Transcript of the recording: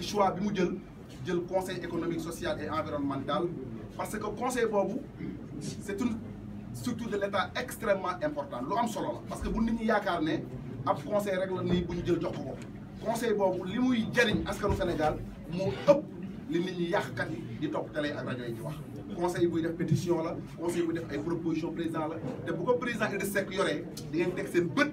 ci choix bi mu jël jël conseil économique social et environnemental parce que conseil boobu c'est une structure de l'État extrêmement importante lu am solo la parce que bu nit ñi yaakaar ne ab conseil rek la ni bu ñu jël jox ko conseil boobu li muy jëriñ askanu Sénégal mo ëpp li nit ñi yàqkat di top télé ak radio yi di wax conseil buy def pétition la conseil buy def ay proposition président la te bu ko président Idrissa Seck yoree di ngeen teg seen bët